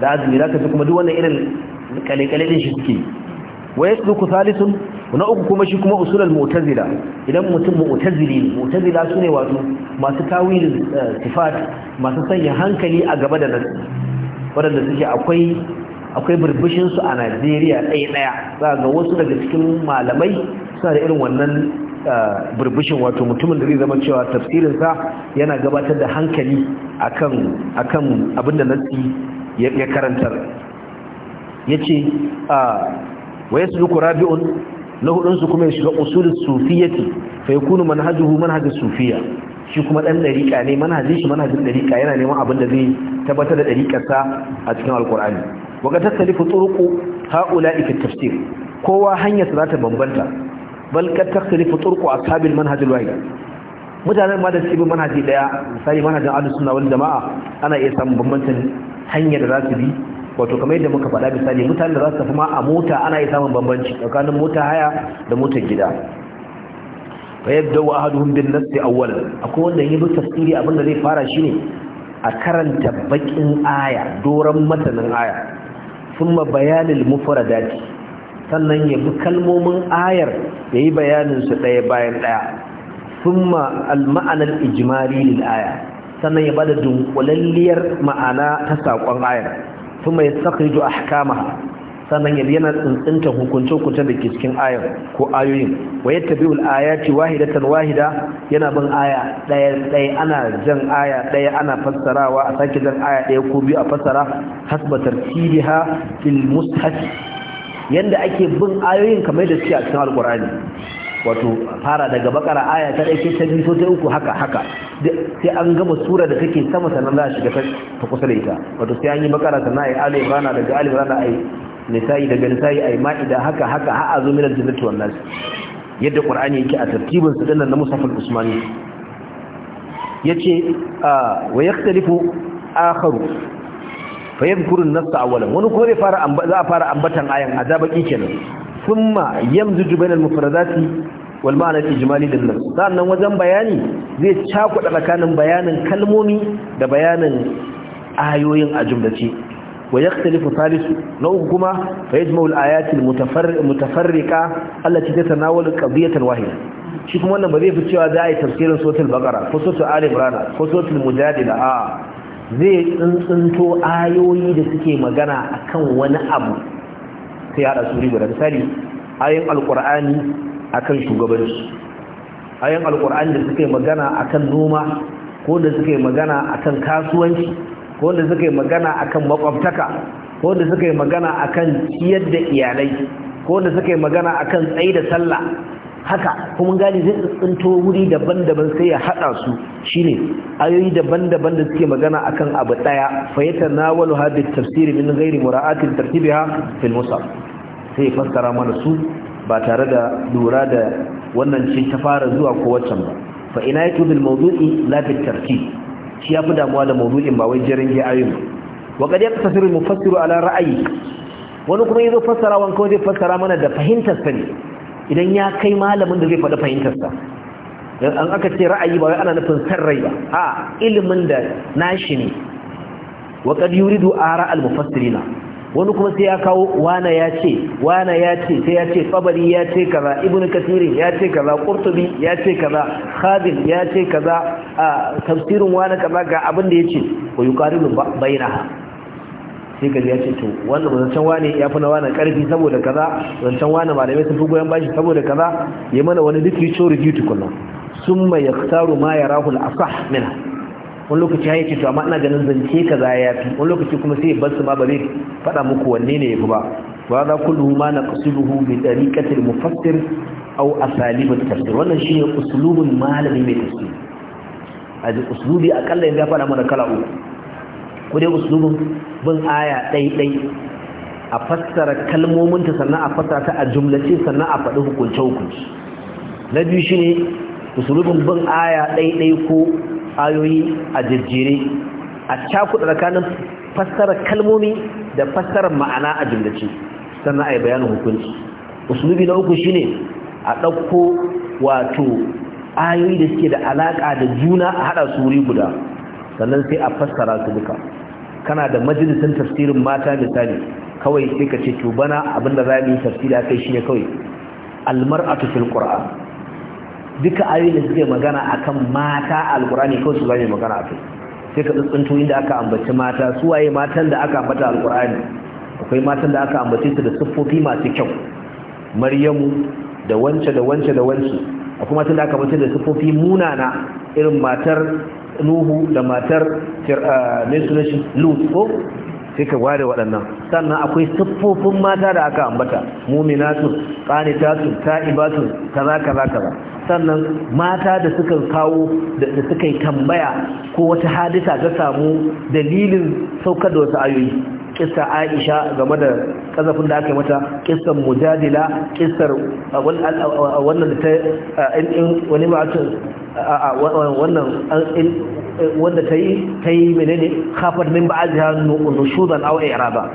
da azumi zaka ji kuma duk wannan irin kalekale din shi suke wa yasluku thalithun na uku kuma shi kuma usulul mu'tazila idan mutum mu'tazili ne mu'tazila sune wato masu tawilin eh, sifat masu sanya hankali a gaba da nasu wadanda suke akwai akwai burbushin su a Najeriya ɗaya ɗaya za ga wasu daga cikin malamai suna da irin wannan eh, burbushin wato mutumin da zai zama cewa tafsirinsa yana gabatar da hankali akan akan abinda nasi ya karantar ya ce a su duku rabi'un na hudunsu kuma ya shiga usulun sufiyyati fai kunu manhajuhu manhajar sufiya shi kuma ɗan ɗariƙa ne manhajin shi manhajin ɗariƙa yana neman abin da zai tabbatar da ɗariƙarsa a cikin alƙur'ani waka tattalifu turuku ha'ula ifi tafsir kowa hanyarsa za ta bambanta bal kad tattalifu a sabin manhajil wahid mutanen ma da su bin manhaji daya misali manhajin ahlus sunna jama'a ana iya samun bambancin hanyar da za su bi wato kamar yadda muka faɗa misali mutane da za su tafi ma a mota ana yi samun bambanci tsakanin mota haya da motar gida fa yadda wa ahaduhum bin nass awwal akwai wanda yi bi tafsiri da zai fara shine a karanta bakin aya doran matanin aya thumma bayanil mufradat sannan ya bi kalmomin ayar yayi bayanin su daya bayan ɗaya thumma al ma'ana ijmali lil aya sannan ya bada dunkulalliyar ma'ana ta saƙon ayar kuma ya sakhriju ahkamaha sannan ya yana tsintsinta hukunce-hukunce da ke cikin ayar ko ayoyin wa yadda biyu al'ayati wahidatan wahida yana bin aya ɗaya ɗaya ana jan aya ɗaya ana fassarawa a sake jan aya ɗaya ko biyu a fassara hasba tartibiha fil mushaf yanda ake bin ayoyin kamar da suke a cikin alqur'ani wato fara daga bakara aya ta ɗaya ta biyu ta uku haka haka sai an gama sura da take sama sannan za a shiga ta kusa da ita wato sai an yi bakara sannan a yi ali daga ali imrana a yi nisa'i daga nisa'i a yi ma'ida haka haka har a zo minar jinnatu wannan yadda qur'ani yake a tartibin su dinnan na musafal usmani yace ah, wa yaktalifu akharu fa yadhkuru an-nass awwalan wani kuma zai fara za a fara ambatan ayan azabaki kenan thumma yamzuju bainal mufradati wal ma'na al-ijmali lin-nass sannan wajen bayani zai cakuɗa tsakanin bayanin kalmomi da bayanin ayoyin a jumlace wa yaktalifu salisu na uku kuma fa yajma'u al-ayati al-mutafarriqa allati tatanawalu qadiyatan wahida shi kuma wannan ba zai fi cewa za a yi tafsirin suratul baqara ko suratul ali imran ko suratul mujadila a zai tsuntsunto ayoyi da suke magana akan wani abu sai hada suri guda misali ayoyin alqur'ani akan shugabanci ayan alkur'ani da suka magana akan noma ko da suka magana akan kasuwanci ko da suka magana akan makwabtaka ko da suka magana akan ciyar da iyalai ko da suka magana akan tsayi da sallah haka kuma gani zai tsinto wuri daban-daban sai ya hada su shine ayoyi daban-daban da suke magana akan abu daya fa nawalu hadith tafsir min ghairi mura'atin tartibiha fil musaf sai fassara mana su ba tare da lura da wannan cikin ta fara zuwa ko waccan ba fa ina yake bil mawdu'i la bil tartib shi yafi damuwa da mawdu'in ba wai jerin ga ayoyin wa qad al mufassir ala ra'ayi wani kuma yazo fassara wanka kawai fassara mana da fahimtar sa ne idan ya kai malamin da zai faɗi fahimtar sa an aka ce ra'ayi ba wai ana nufin san rai ba a ilimin da nashi ne wa qad yuridu ara al mufassirina wani kuma sai ya kawo wana ya ce wana ya ce sai ya ce tsabari ya ce kaza ibn kasirin ya ce kaza kurtubi ya ce kaza khadim ya ce kaza a tafsirin wani kaza ga abin da ya ce ko yuqaribu bainaha sai gari ya ce to wannan zancen wani ya fi na wana karfi saboda kaza zancen wani malamai sun fi goyon bashi saboda kaza ya mana wani literature review tukunna summa yaktaru ma yarahu al-asah minha wani lokaci ya yi to amma ina ganin zance za ya fi wani lokaci kuma sai bar su ma ba zai faɗa muku wanne ne yafi ba wa za kullu ma naqsiduhu bi tariqati al-mufassir aw asalib at-tafsir wannan shine uslubun malami mai tafsir aji uslubi akalla yanzu ya faɗa mana kala uku ko dai uslubun bin aya ɗaiɗai a fassara kalmominta sannan a fassara ta a jumlace sannan a faɗi hukunce hukunci na biyu shine usulubin bin aya ɗaiɗai ko ayoyi a jirjire a cakuɗa tsakanin fassarar kalmomi da fassarar ma'ana a jumlace sannan a yi bayanin hukunci usulubi na uku shine a ɗauko wato ayoyi da suke da alaƙa da juna a haɗa su wuri guda sannan sai a fassara su duka kana da majalisar tafsirin mata misali kawai sai ka ce to bana abinda za mu yi tafsiri kai shine kawai Almar fil qur'an duka ayoyin da suke magana akan mata alqur'ani kawai su zai magana akai sai ka tsuntu inda aka ambaci mata su waye matan da aka ambata alqur'ani akwai matan da aka ambace su da siffofi masu kyau maryamu da wance da wance da wance akwai matan da aka ambace da siffofi munana irin matar nuhu da matar ah, mai lut ko sai ka ware waɗannan sannan akwai siffofin mata da aka ambata muminatun qanitatun ta'ibatun kaza kaza kaza sannan mata da suka kawo da suka yi tambaya ko wata hadisa ta samu dalilin saukar da wasu ayoyi kissa Aisha game da kazafin da aka yi mata kissan mujadila kissar wannan ta wani wannan wanda ta yi ta yi menene kafar min ba'dha nushudan aw i'raba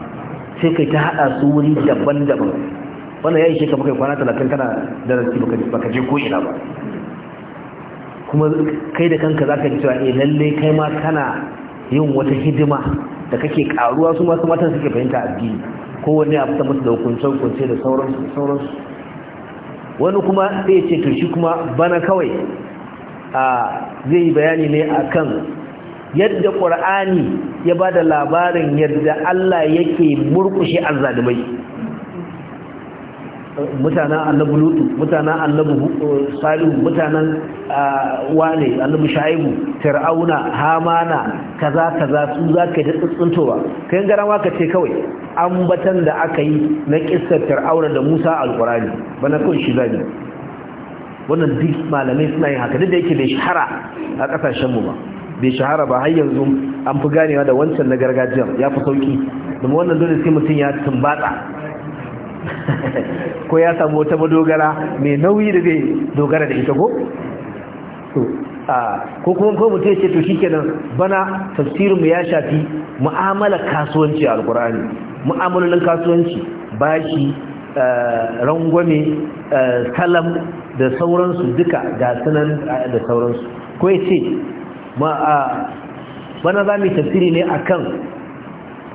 sai kai ta hada su wuri daban-daban wannan shi shekara kai kwana talatin kana da rasu baka je ko ina ba kuma kai da kanka za ka ji cewa eh lalle kai ma kana yin wata hidima da kake karuwa su masu matan suke fahimta addini Ko wani a fita masu da hukunce-hukunce da sauransu wani kuma sai ce to shi kuma bana kawai zai bayani ne akan yadda ƙur'ani ya ba da labarin yadda Allah yake murkushe azzalumai mutanen annabu lutu mutanen annabu uh, salihu mutanen uh, wane annabu shaibu Tar'auna, hamana kaza kaza su za ka ji tsuntsuntowa kayan gara ka ce kawai ambatan da aka yi na kissar Tar'auna da musa alkurani bana kun shi zabi wannan duk malamai suna yin haka duk da yake bai shahara a kasashen mu ba bai shahara ba har yanzu an fi ganewa da wancan na gargajiyar ya fi sauki domin wannan dole sai mutum ya tumbatsa [laughs] ko ya samu wata madogara mai nauyi da zai dogara da ita ko ko kuma ko mutum ce to shikenan bana mu ya shafi mu'amala kasuwanci a alkurani mu'amalolin kasuwanci bashi Eh, rangwame kalam eh, da sauransu duka ga sunan eh, da sauransu ko ya ce bana za mu tafsiri ne akan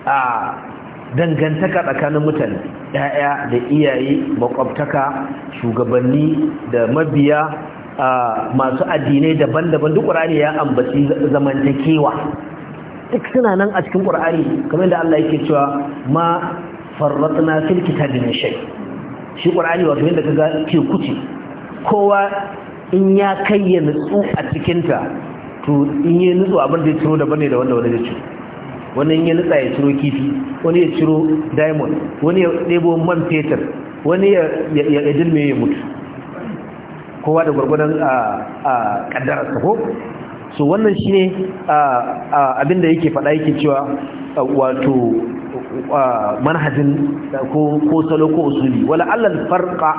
a dangantaka tsakanin mutane ya'ya da iyaye makwabtaka shugabanni da mabiya masu addinai daban-daban duk ƙur'ani ya ambaci zamantakewa duk suna nan a cikin ƙur'ani kamar da Allah yake cewa ma farratna fil kitabi min shay shi qur'ani wato yanda kaga ke kuce kowa in ya kai nutsu a cikin ta to in ya nutsu abin da ya ciro daban ne da wanda wani ya ciro wani in ya nutsa ya ciro kifi wani ya ciro diamond wani ya ɗebo man fetur wani ya ya dilme ya mutu kowa da gwargwadon a kaddararsa ko so wannan shine abin da yake faɗa yake cewa wato manhajin ko salo ko usuli wala allal farqa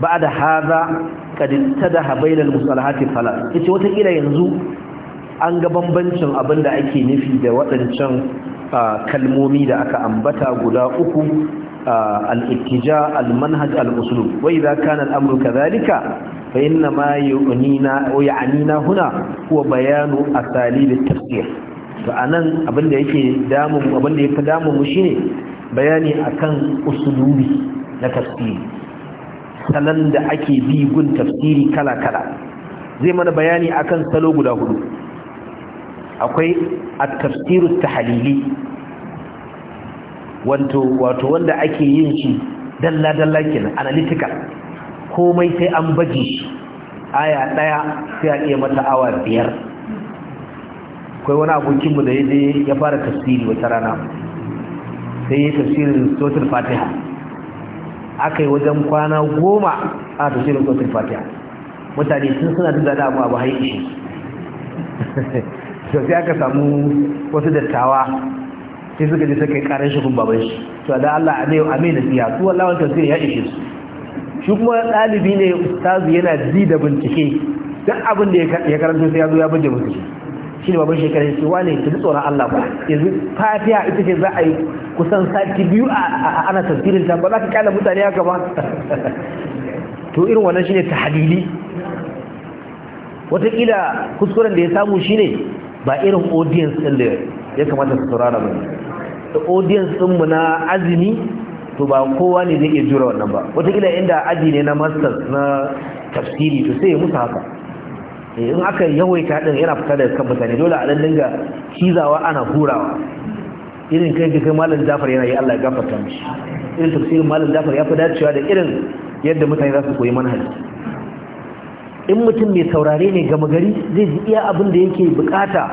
ba'da hadha kad tadaha bainal musalahati fala yace wata kila yanzu an ga bambancin abinda ake nufi da waɗancan kalmomi da aka ambata guda uku al-ittija al-manhaj al-uslub wa idha kana al-amru kadhalika fa inna ma yu'nina wa ya'nina huna huwa bayanu asalib at-tafsir to nan abin da yake damun abinda yake damun mu shine bayani kan usulubi na tafsiri salon da ake bi gun tafsiri kala kala zai mana bayani akan salo guda hudu akwai at-tafsir at-tahlili wato wanda ake yin shi dalla dalla kenan analytical komai sai an baje shi aya daya sai a iya mata awa biyar akwai wani abokinmu da yaje ya fara tafsiri wata rana sai ya tafsirin sotar fatiha aka yi wajen kwana goma a tafsirin sotar fatiha mutane sun suna da zada abu haiki [laughs] sosai aka samu wasu dattawa sai suka ji suka yi karin shi kun baban shi to da Allah a mai amai da siya su wallawan tafsiri ya ishe su shi kuma ɗalibi ne ustazu yana ji da bincike duk abin da ya karanta sai ya zo ya buje musu shi ne babban shekara shi wane ki tsoron Allah ba yanzu fafiya ita ce za a yi kusan sati biyu a ana tafsirin ta ba za ka kyala mutane haka ba [laughs] to irin wannan shine hadili? wataƙila kuskuren da ya samu shine ba irin audience ɗin da ya kamata su saurara ba da audience ɗinmu na azumi to ba kowa ne zai iya jura wannan ba wataƙila inda aji ne na masters na tafsiri to sai ya musu haka Eh, in aka yawaita din yana fita daga kan mutane dole a dan dinga cizawa ana hurawa irin kai kai malam Jafar yana yi Allah ya gafarta mishi irin tafsirin malam Jafar ya fi dacewa da irin yadda mutane za su koyi manhaji in mutum mai saurare ne gama gari zai ji iya abin da yake bukata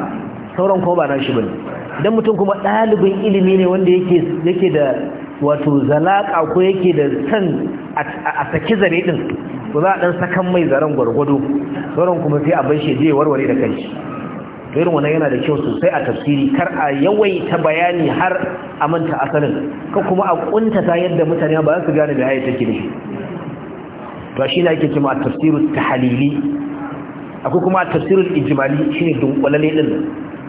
sauran ko ba na shi bane dan mutum kuma ɗalibin ilimi ne wanda yake yake da wato zalaka ko yake da san a saki zare din ko za a dan sakan mai zaren gwargwado sauran kuma sai a bar shi je warware da kanshi to irin wannan yana da kyau sosai a tafsiri kar a yawaita bayani har a manta asalin ka kuma a kuntata yadda mutane ba za su gane da ayi take ne to shi ne ake a tafsirin tahlili akwai kuma tafsirul ijmali shine dunkulale din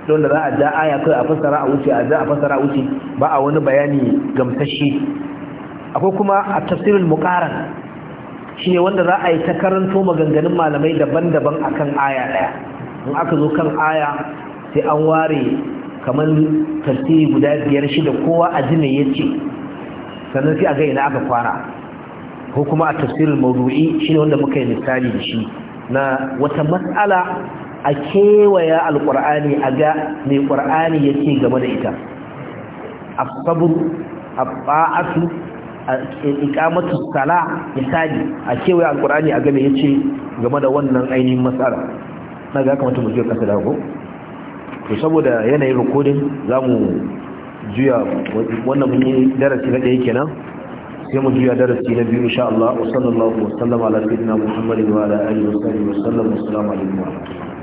don da za a ja aya kai a fassara a wuce a ja a fassara a wuce ba a wani bayani gamsashi akwai kuma a tafsirin muqaran Shi ne wanda za a yi ta karanto maganganun malamai daban-daban akan aya ɗaya. in aka zo kan aya sai an ware kamar tafsiri guda biyar shida kowa a ji ya ce, sannan sai a ga ina aka fara ko kuma a tafsirin shi ne wanda muka yi misali da shi na wata matsala a kewaya alqur'ani a ga me ya yake game da ita as-sabr sabu a ba'asu iqamatu sala misali a kewaye alqur'ani a game yace game da wannan ainihin matsala na ga kamata mu je kasa da ko to saboda yanayin recording zamu juya wannan mun yi darasi na daya kenan sai mu juya darasi na biyu insha Allah wa sallallahu wa sallam ala sayyidina Muhammadin wa ala alihi wa sahbihi wa sallam assalamu alaikum wa rahmatullahi